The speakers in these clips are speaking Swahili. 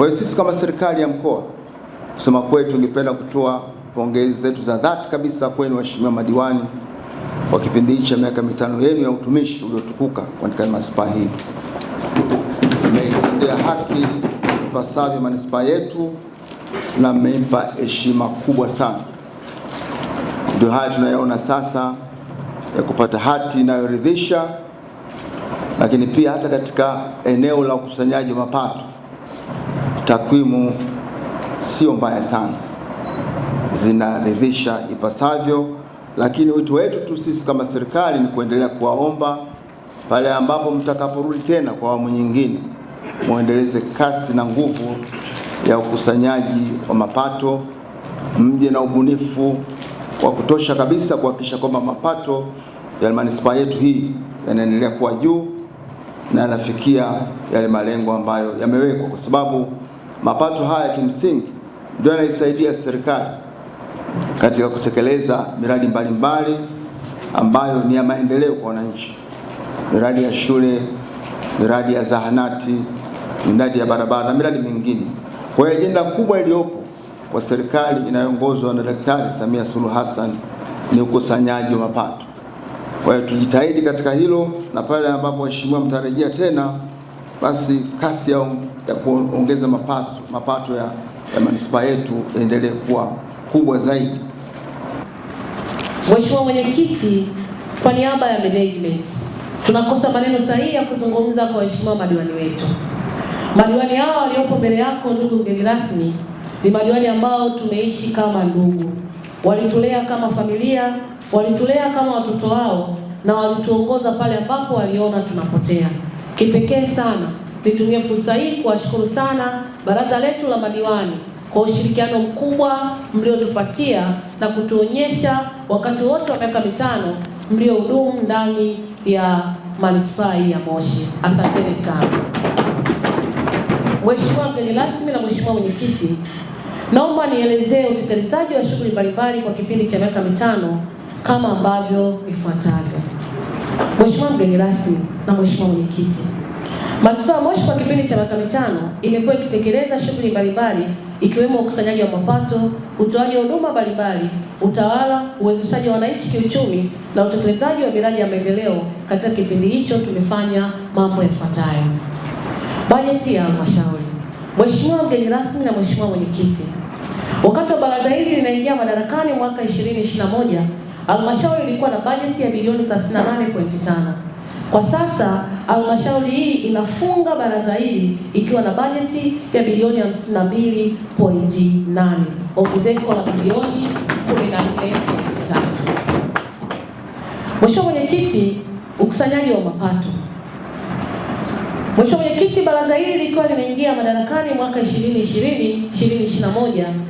Kwa hiyo sisi kama serikali ya mkoa, kusema kweli, tungependa kutoa pongezi zetu za dhati kabisa kwenu waheshimiwa madiwani kwa kipindi hiki cha miaka mitano yenu ya utumishi uliotukuka katika manispaa hii. Mmeitendea haki ipasavyo manispaa yetu na mmeipa heshima kubwa sana. Ndio haya tunayaona sasa ya kupata hati inayoridhisha, lakini pia hata katika eneo la ukusanyaji wa mapato takwimu sio mbaya sana, zinaridhisha ipasavyo, lakini wito wetu tu sisi kama serikali ni kuendelea kuwaomba pale ambapo mtakaporudi tena kwa awamu nyingine, muendeleze kasi na nguvu ya ukusanyaji wa mapato, mje na ubunifu wa kutosha kabisa kuhakikisha kwamba mapato ya manispaa yetu hii yanaendelea kuwa juu na yanafikia yale malengo ambayo yamewekwa, kwa sababu Mapato haya kimsingi ndio yanaisaidia serikali katika kutekeleza miradi mbalimbali mbali ambayo ni ya maendeleo kwa wananchi, miradi ya shule, miradi ya zahanati, miradi ya barabara na miradi mingine. Kwa hiyo ajenda kubwa iliyopo kwa serikali inayoongozwa na Daktari Samia Suluhu Hassan ni ukusanyaji wa mapato. Kwa hiyo tujitahidi katika hilo, na pale ambapo waheshimiwa mtarejea tena basi kasi yao um, ya kuongeza mapato, mapato ya, ya manispaa yetu yaendelee kuwa kubwa zaidi. Mheshimiwa Mwenyekiti, kwa niaba ya management tunakosa maneno sahihi ya kuzungumza kwa waheshimiwa madiwani wetu. Madiwani hao waliopo mbele yako, ndugu mgeni rasmi, ni madiwani ambao tumeishi kama ndugu, walitulea kama familia, walitulea kama watoto wao na walituongoza pale ambapo waliona tunapotea. Kipekee sana nitumie fursa hii kuwashukuru sana baraza letu la madiwani kwa ushirikiano mkubwa mliotupatia na kutuonyesha wakati wote wa miaka mitano mliohudumu ndani ya manispaa ya Moshi. Asanteni sana. Mheshimiwa mgeni rasmi na Mheshimiwa mwenyekiti, naomba nielezee utekelezaji wa shughuli mbalimbali kwa kipindi cha miaka mitano kama ambavyo ifuatavyo. Mheshimiwa mgeni rasmi na Mheshimiwa mwenyekiti, manispaa Moshi kwa kipindi cha miaka mitano imekuwa ikitekeleza shughuli mbalimbali ikiwemo ukusanyaji wa mapato, utoaji wa huduma mbalimbali, utawala, uwezeshaji wa wananchi kiuchumi na utekelezaji wa miradi ya maendeleo. Katika kipindi hicho tumefanya mambo yafuatayo: bajeti ya halmashauri. Mheshimiwa mgeni rasmi na Mheshimiwa mwenyekiti, wakati wa baraza hili linaingia madarakani mwaka 2021 Halmashauri ilikuwa na bajeti ya bilioni 38.5. Kwa sasa halmashauri hii inafunga baraza hili ikiwa na bajeti ya bilioni 52.8, ongezeko la bilioni 14.3. Mheshimiwa Mwenyekiti, ukusanyaji wa mapato. Mheshimiwa Mwenyekiti, baraza hili likiwa linaingia madarakani mwaka 2020 2021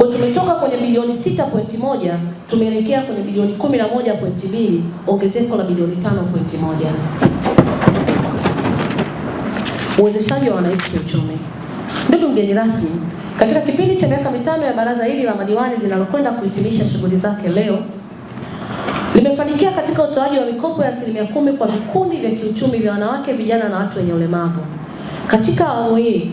Kwa tumetoka kwenye bilioni 6.1 tumeelekea kwenye bilioni 11.2, ongezeko la bilioni 5.1. Uwezeshaji wa wananchi kiuchumi. Ndugu mgeni rasmi, katika kipindi cha miaka mitano ya baraza hili la madiwani linalokwenda kuhitimisha shughuli zake leo, limefanikiwa katika utoaji wa mikopo ya asilimia kumi kwa vikundi vya kiuchumi vya wanawake, vijana na watu wenye ulemavu. Katika awamu hii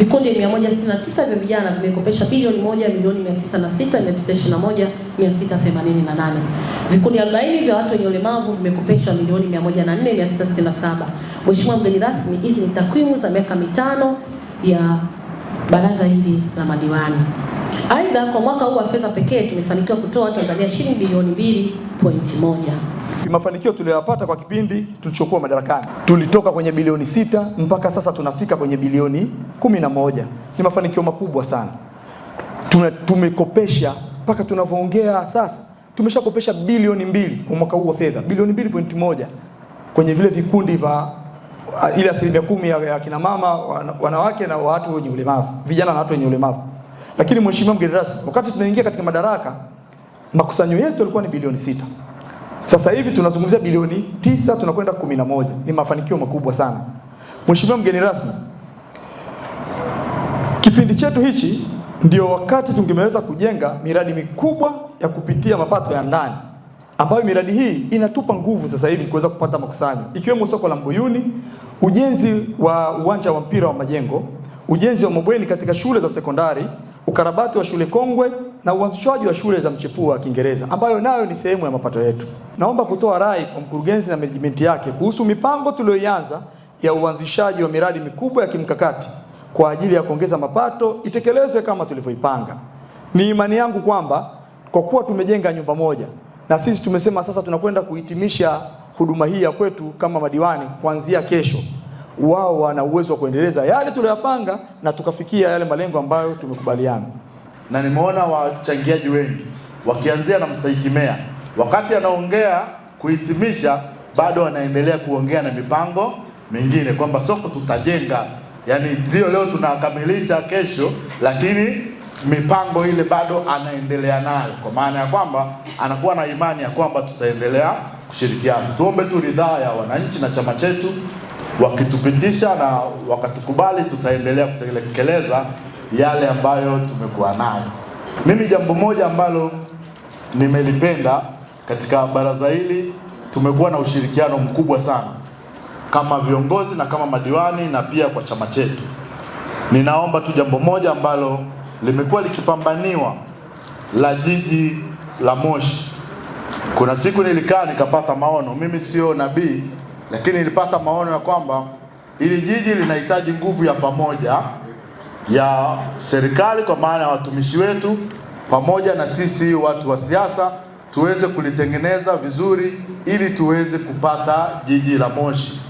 Vikundi 169 vya vijana vimekopeshwa bilioni 1 milioni 906,688. Vikundi 40 vya watu wenye ulemavu vimekopeshwa milioni 104,667. Mheshimiwa mgeni rasmi, hizi ni takwimu za miaka mitano ya baraza hili la madiwani. Aidha, kwa mwaka huu wa fedha pekee tumefanikiwa kutoa Tanzania shilingi bilioni 2.1 mafanikio tuliyoyapata kwa kipindi tulichokuwa madarakani, tulitoka kwenye bilioni sita mpaka sasa tunafika kwenye bilioni kumi na moja. Ni mafanikio makubwa sana. Tuna, tumekopesha mpaka tunavyoongea sasa tumeshakopesha bilioni mbili kwa mwaka huu wa fedha, bilioni mbili pointi moja kwenye vile vikundi vya uh, ile asilimia kumi ya, ya kina mama wanawake na watu wenye ulemavu, vijana na watu wenye ulemavu. Lakini mheshimiwa mgeni rasmi, wakati tunaingia katika madaraka makusanyo yetu yalikuwa ni bilioni sita. Sasa hivi tunazungumzia bilioni tisa tunakwenda kumi na moja. Ni mafanikio makubwa sana. Mheshimiwa mgeni rasmi, kipindi chetu hichi ndio wakati tungemeweza kujenga miradi mikubwa ya kupitia mapato ya ndani ambayo miradi hii inatupa nguvu sasa hivi kuweza kupata makusanyo ikiwemo soko la Mbuyuni, ujenzi wa uwanja wa mpira wa majengo, ujenzi wa mabweni katika shule za sekondari ukarabati wa shule kongwe na uanzishwaji wa shule za mchepuo wa Kiingereza ambayo nayo ni sehemu ya mapato yetu. Naomba kutoa rai kwa mkurugenzi na management yake kuhusu mipango tuliyoianza ya uanzishaji wa miradi mikubwa ya kimkakati kwa ajili ya kuongeza mapato itekelezwe kama tulivyoipanga. Ni imani yangu kwamba kwa kuwa tumejenga nyumba moja na sisi tumesema sasa tunakwenda kuhitimisha huduma hii ya kwetu kama madiwani kuanzia kesho wao wana uwezo wa kuendeleza yale tuliyopanga na tukafikia yale malengo ambayo tumekubaliana. Na nimeona wachangiaji wengi wakianzia na mstahiki meya, wakati anaongea kuhitimisha, bado wanaendelea kuongea na mipango mingine kwamba soko tutajenga, yani ndio leo tunakamilisha kesho, lakini mipango ile bado anaendelea nayo, kwa maana ya kwamba anakuwa na imani ya kwamba tutaendelea kushirikiana. Tuombe tu ridhaa ya wananchi na chama chetu wakitupitisha na wakatukubali, tutaendelea kutekeleza yale ambayo tumekuwa nayo. Mimi jambo moja ambalo nimelipenda katika baraza hili, tumekuwa na ushirikiano mkubwa sana kama viongozi na kama madiwani na pia kwa chama chetu. Ninaomba tu jambo moja ambalo limekuwa likipambaniwa la jiji la Moshi. Kuna siku nilikaa nikapata maono, mimi sio nabii lakini nilipata maono ya kwamba ili jiji linahitaji nguvu ya pamoja ya serikali kwa maana ya watumishi wetu pamoja na sisi watu wa siasa tuweze kulitengeneza vizuri ili tuweze kupata jiji la Moshi,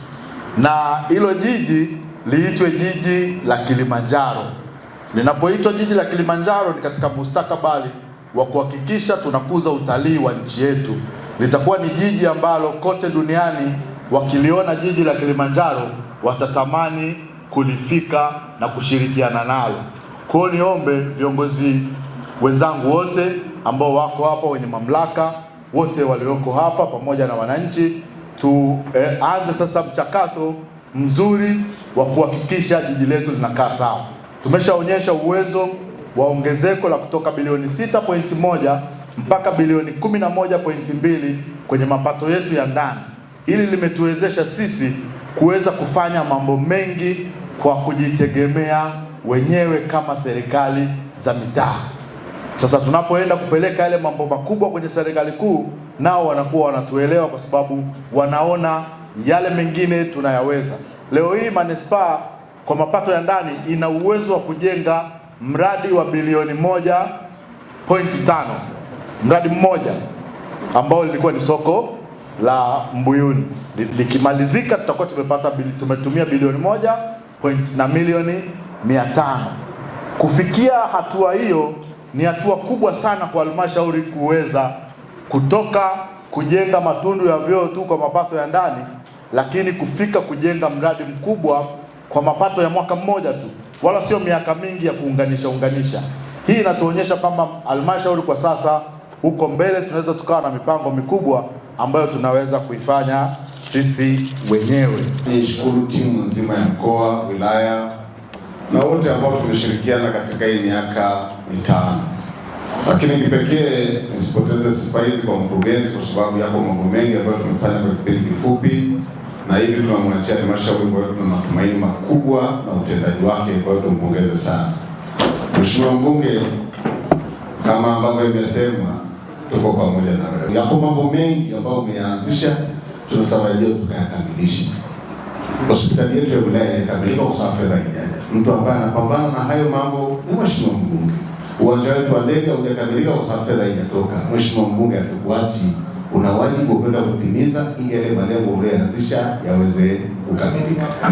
na hilo jiji liitwe jiji la Kilimanjaro. Linapoitwa jiji la Kilimanjaro ni katika mustakabali wa kuhakikisha tunakuza utalii wa nchi yetu. Litakuwa ni jiji ambalo kote duniani wakiliona jiji la Kilimanjaro watatamani kulifika na kushirikiana nalo. Kwa hiyo niombe viongozi wenzangu wote ambao wako hapa, wenye mamlaka wote walioko hapa, pamoja na wananchi, tuanze eh, sasa mchakato mzuri wa kuhakikisha jiji letu linakaa sawa. Tumeshaonyesha uwezo wa ongezeko la kutoka bilioni 6.1 mpaka bilioni 11.2 kwenye mapato yetu ya ndani. Hili limetuwezesha sisi kuweza kufanya mambo mengi kwa kujitegemea wenyewe kama serikali za mitaa. Sasa tunapoenda kupeleka yale mambo makubwa kwenye serikali kuu, nao wanakuwa wanatuelewa kwa sababu wanaona yale mengine tunayaweza. Leo hii manispaa kwa mapato ya ndani ina uwezo wa kujenga mradi wa bilioni moja pointi tano mradi mmoja ambao lilikuwa ni soko la Mbuyuni likimalizika, tutakuwa tumepata tumetumia bilioni moja point na milioni mia tano. Kufikia hatua hiyo ni hatua kubwa sana kwa halmashauri kuweza kutoka kujenga matundu ya vyoo tu kwa mapato ya ndani, lakini kufika kujenga mradi mkubwa kwa mapato ya mwaka mmoja tu, wala sio miaka mingi ya kuunganisha unganisha. Hii inatuonyesha kwamba halmashauri kwa sasa huko mbele tunaweza tukawa na mipango mikubwa ambayo tunaweza kuifanya sisi wenyewe. Nishukuru timu nzima ya mkoa, wilaya na wote ambao tumeshirikiana katika hii miaka mitano, lakini kipekee nisipoteze sifa hizi kwa mkurugenzi, kwa sababu yako mambo mengi ambayo tumefanya kwa kipindi kifupi, na hivi tunamwachia halmashauri. Kwa hiyo tuna matumaini makubwa na utendaji wake, kwa hiyo tumpongeze sana Mheshimiwa Mbunge, kama ambavyo imesemwa tuko pamoja na wewe. Yako mambo mengi ambayo umeanzisha, tunatarajia tukayakamilisha. Hospitali yetu ya wilaya kwa sababu fedha ijaja. Mtu ambaye anapambana na hayo mambo ni mheshimiwa mbunge. Uwanja wetu wa ndege haujakamilika kwa sababu fedha haijatoka. Mheshimiwa mbunge atukuachi, una wajibu kwenda kutimiza ili yale malengo uliyoanzisha yaweze kukamilika.